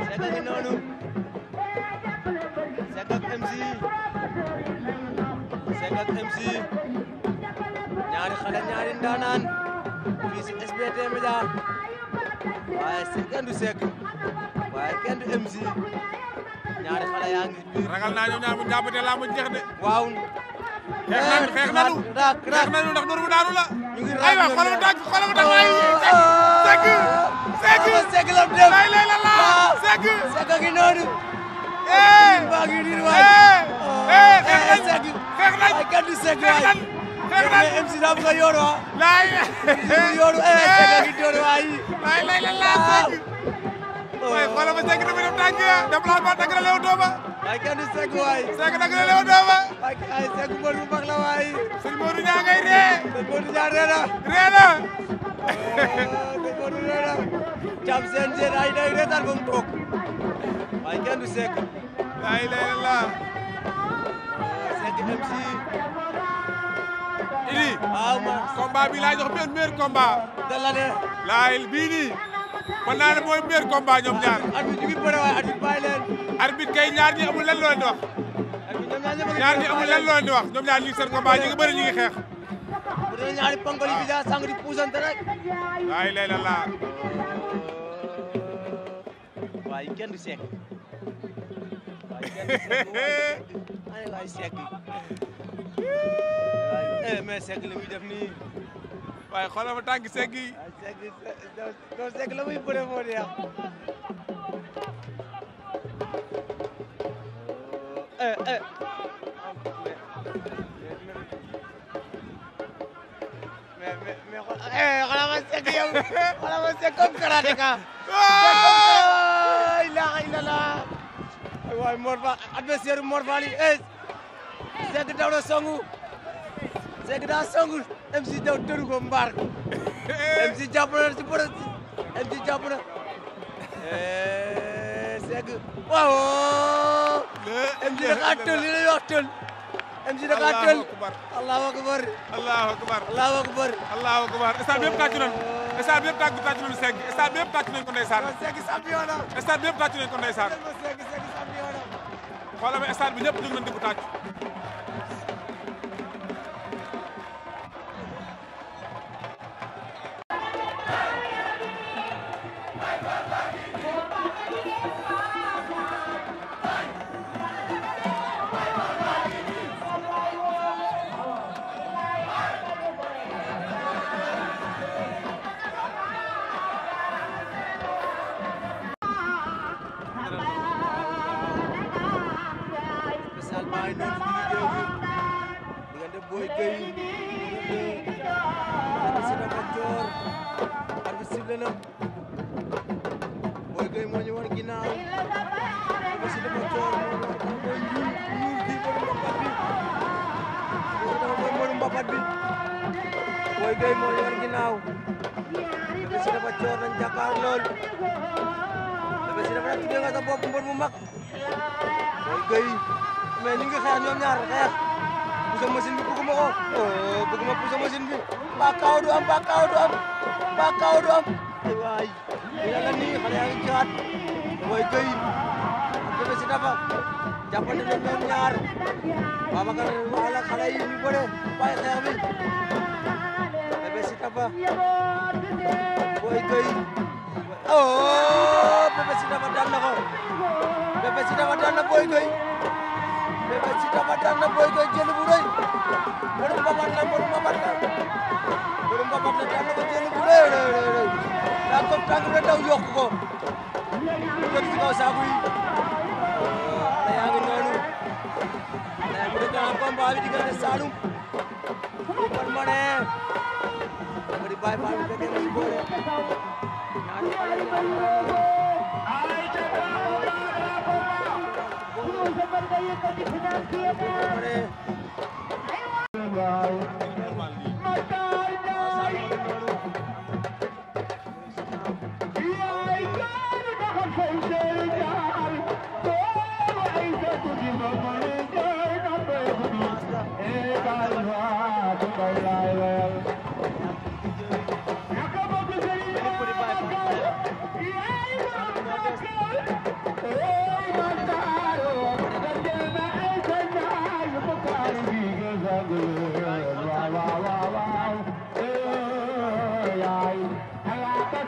Seck a ngi noonu Seck ak MC Seck ak MC ñaari xale ñaari ndaanaan fii si waaye Seck kenn du Seck waaye kenn du MC ñaari xale yaa ngi ragal naa ñoom ñaar bu jàppante laa mu jeex de waaw xeex nañu xeex nañu xeex nañu ndax dóor bu daanu la. aywa xoolal mu daj xoolal mu daj waaye. Oh. segg segg segg la dem lay lay la laa ah. segg. segg gi noonu. baa eh. ngi nii waay. Eh. Oh. Eh, xeex nañ xeex nañ ay kenn du segg waay. xeex nañ MC daa bëgg a yóoru ah. laay yóoru segg gi doon waay. lay lay la laa segg. waaye xoolal ma Seck dama dem tànk ya dem laal ba dagg la leew dooba waaye kenn du Seck waay Seck dagg la leew dooba waaye ay Seck mbër bu mag la kenn du Seck laa ilaaha illa Seck MC Idi waaw ma combat bi laa jox benn meilleur combat de l'année laa il bii mën naa mooy meilleur combat ñoom ñaar. arbitre ñu ngi bëre waaye leen. arbitre kay ñaar ñi amul lenn loo leen di ñaar ñi amul lenn loo wax ñoom ñaar ñu ngi seen combat ñu xeex. bu dee ñaari ponkal yi di jaa sang di puusante rek. lay la laa. waaye xoolal ma tànk segg yi. waaw ah, segg la muy bëre moo di yàq. Eh, eh. mais mais mais eh, xoolal ma segg yow xoolal ma segg comme karatéka. waay ilaha illallah. waay Mor Fall adversaire Mor songu. Seck daa songul MC daw tëru ko mbaar ko eh. MC jàpp na ci borom MC jàpp na eh, Seck waaw MC dafa tël li lay wax tël MC dafa tël allahu akbar allahu akbar allahu akbar allahu akbar stade bi yëpp tàcc nañ stade bi yëpp tàcc tàcc nañ Seck stade bi yëpp tàcc nañ ko ndeysaan Seck champion la stade bi yëpp tàcc nañ ko ndeysaan xoolal ma stade bi ñëpp jóg nañ di ko tàcc bëre na Boy Gueye moo ñu woon ginnaaw dafa si dafa toor moo mooy ñuul ñuul bi mbëru mbapat bi moo mooy mbëru mbapat bi Boy Gueye moo ñu woon ginnaaw dafa si dafa toor nañ jàkkaar lool dafa si dafa tuddee nga sa bopp mbër mu mag Boy Gueye mais ñu ngi xeex ñoom ñaar xeex puso machine bi bëgguma ko oh eh, bëgguma puso machine bi mbaa kaaw du am mbaa kaaw du am mbaa kaaw du am eh, waay dina la nii xale yaa ngi caat mooy gëy bébé si dafa jàppante ne ñoom ñaar Babacar wala xale yi ñu bëre waaye xeex bi bébé si dafa mooy gëy oh bébé si dafa daan na ko bébé si dafa daan na booy gëy Bébé Siteu ma daan na Boy Koy jël bu rëy mbëru mbapat la mbëru mbapat la mbëru mbapat la daan na ko jël bu rëy rëy rëy rëy daa ko tàng na daw yokk ko jot ci kaw saaku yi da yaa ngi noonu da yaa ngi dëkk naa combat bi diggante Saloum man ma ne ma di bàyyi baalu fekkee ma si boole ñaari xale ñaari Ayo,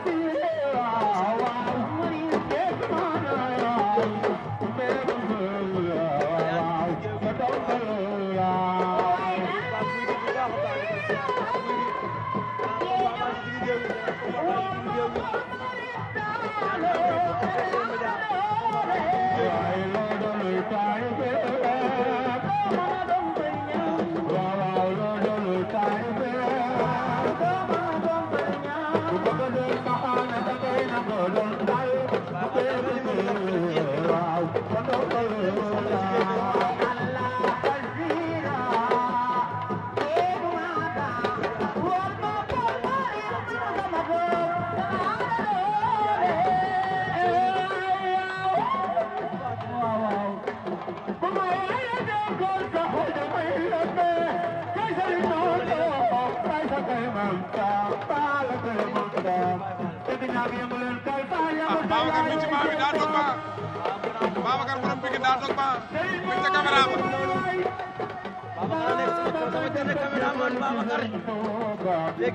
Thank you.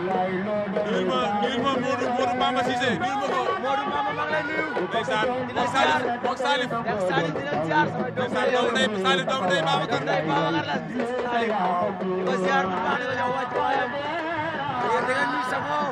nuyu ma nuyu ma Modou Modou Bamba Cissé nuyu ma ko. Modou Bamba maa ngi lay nuyu. ndeysaan moog Salif moog Salif. Salif dina ziar. ndeysaan doomu ndey Salif doomu ndey Babacar. ndey Babacar la. Salif di ko ziar bu di ko jox wàcc waayam. yéen da ngeen ñuy safoo.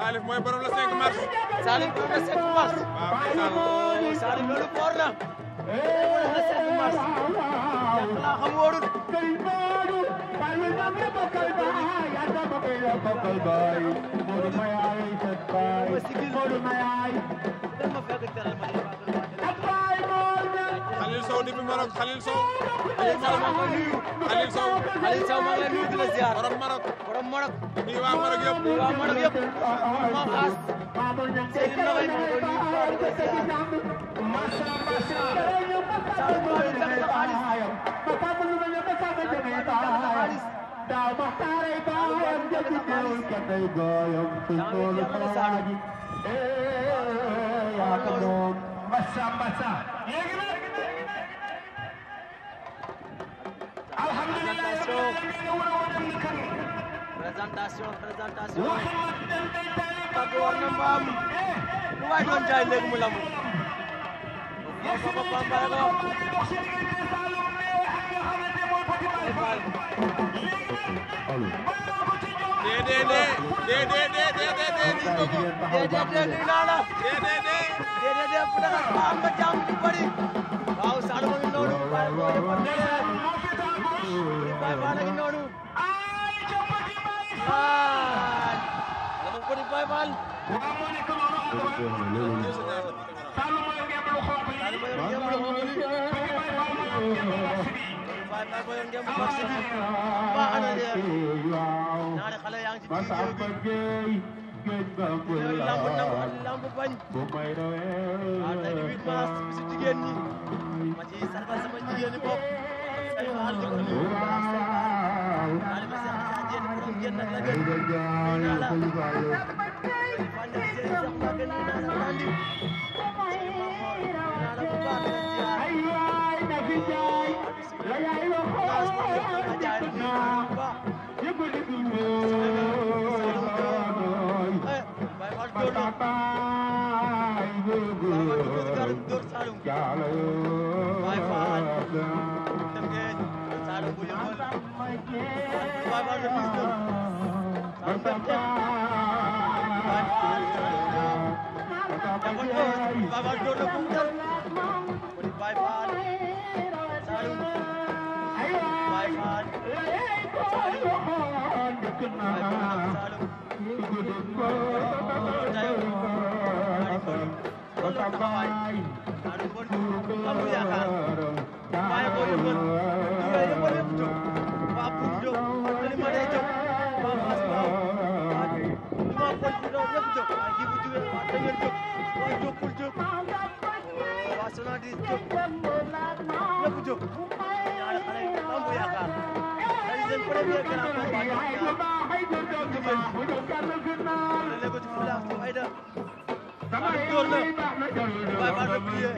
Salif mooy borom la 5 mars. Salif borom la 5 mars. waaw Salif loolu foor na. borom la 5 mars. yàq laa xam wóorul. Modou Mayaay. Modou Mayaay. Aliou Sow depuis Maroc Khalil Sow. Aliou Sow maa ngi Aliou Sow Aliou Sow maa ngi lay nuyu di la ziar. borom Maroc borom Maroc. nuyu waa Maroc yëpp nuyu waa Maroc yëpp. moom xaas. Seydou Noël maa ngi koy nuyu di la ziar. saa yu bëri tax na xaalis. saa yu bëri tax na présentation présentation présentation kàddu war na mbaam lu waay doon jaay léegi mu lamu déedéet déedéet Baye noonu ay jopati Baye Fall la mo poti Baye Fall waaw moo nekk noonu Sall mooy ngeen lu xonk li ngeen lu xonk li Baye Fall mooy ngeen lu xonk li Baye Fall mooy ngeen lu xonk li ba ana leer ñaari xale yaa ngi ci biir lamb nangu ak lamb bañ waaw tey di 8 mars bisu jigéen ñi ma ci sargal sama jigéen ñi bopp Bye. Baba Golo Kuntal, Budi Bhai Pal, Saru, Bhai Pal, Saru, Bhai Pal, Saru, Bhai Pal, Saru, Bhai Pal, di ñëpp jóg ñaari xale yi am bu yaakaar dañu seen premier grand combat ñoom ñaar jigéen ñu lego ci fulaas bu ayda Baye Bada plié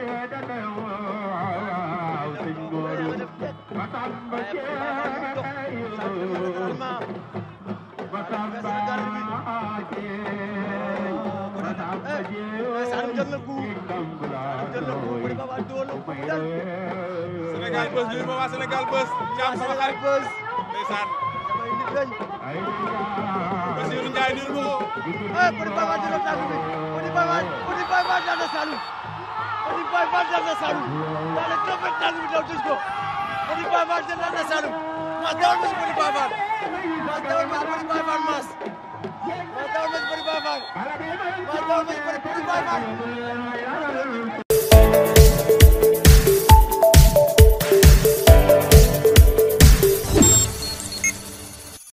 Baye Bada dox Sénégal bës nuyu ma waa Sénégal bës caam sama xarit bës ndeysaan Basiru Njaay nuyu ma ko eh pour ba ba jël tàgg bi pour ba ba pour ba ba jël na salu pour ba ba jël na salu da la topp tàgg bi daw tëj ko pour ba ba jël na salu ma dawal ma si pour ba ba ma dawal ma si pour ba ba mas Mas dá o mesmo para o Bavag.